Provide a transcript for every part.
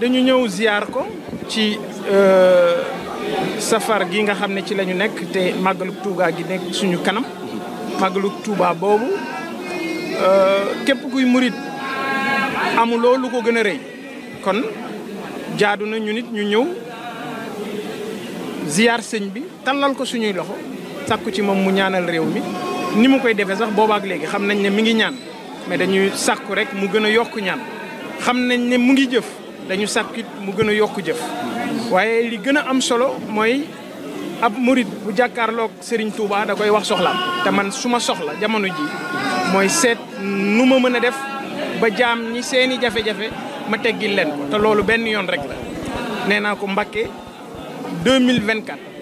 dañu ñëw ziar ko ci euh, safar gi nga xam ne ci lañu nekk te màggalu Touba gi nekk suñu kanam màggalu Touba boobu euh, képp kuy murit amuloo lu ko gën a rëy kon jaadu na ñu nit ñu ñëw ziar sëñ bi tàllal ko suñuy loxo sàkku ci moom mu ñaanal réew mi ni mu koy defee sax boobaak léegi xam nañ ne mi ngi ñaan mais dañuy sàkku rek mu gën a yokk ñaan xam nañ ne mu ngi jëf dañu sàkkit mu gën a yokk jëf waaye li gën a am solo mooy ab murit bu jàkkaarloog Serigne Touba da koy wax soxlaam te man su ma soxla jamono jii mooy seet nu ma mën a def ba jaam ñi seeni jafe-jafe ma teggil leen te loolu benn yoon rek la nee naa ko Mbàkke 2024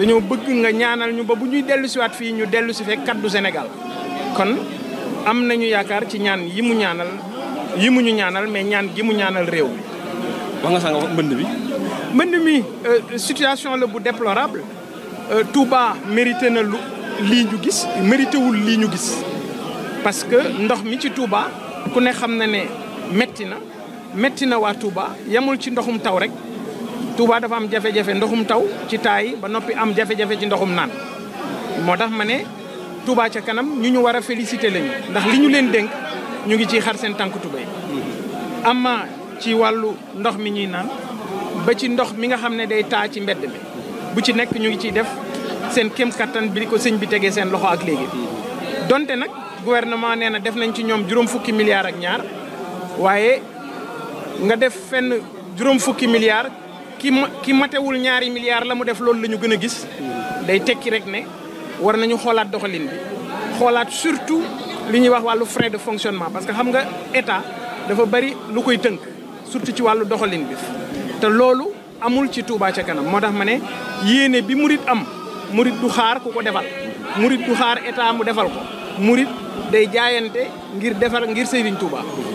dañoo bëgg nga ñaanal ñu ba bu ñuy dellu siwaat fii ñu dellu si fekk kaddu Sénégal kon am nañu yaakaar ci ñaan yi mu ñaanal yi mu ñu ñaanal mais ñaan gi mu ñaanal réew mi. wax nga sax nga mbënd bi. mbënd mi euh, situation la bu déplorable euh, Touba mérité na lu lii ñu gis mérité wul lii ñu gis parce que ndox mi ci Touba ku ne xam na ne metti na metti na waa Touba yemul ci ndoxum taw rek. Touba dafa am jafe-jafe ndoxum taw ci taay ba noppi am jafe-jafe ci ndoxum naan moo tax ma ne Touba ca kanam ñu ñu war a félicité lañu ndax li ñu leen dénk ñu ngi ciy xar seen tànk tubéy ama ci wàllu ndox mi ñuy naan ba ci ndox mi nga xam ne day taa ci mbedd mi bu ci nekk ñu ngi ciy def seen kem kattan bi ko sëñ bi tegee seen loxo ak léegi donte nag gouvernement nee na def nañ ci ñoom juróom fukki milliar ak ñaar waaye nga def fenn juróom fukki milliards ki ma ki matewul ñaari milliards la mu def loolu lañu gën a gis day tekki rek ne war nañu xoolaat doxalin bi xoolaat surtout li ñuy wax wàllu frais de fonctionnement parce que xam nga état dafa bari lu koy tënk surtout ci wàllu doxalin bi te loolu amul ci Touba ca kanam moo tax ma ne yéene bi murit am murit du xaar ku ko defal murit du xaar état mu defal ko murit day jaayante ngir defal ngir Serigne Touba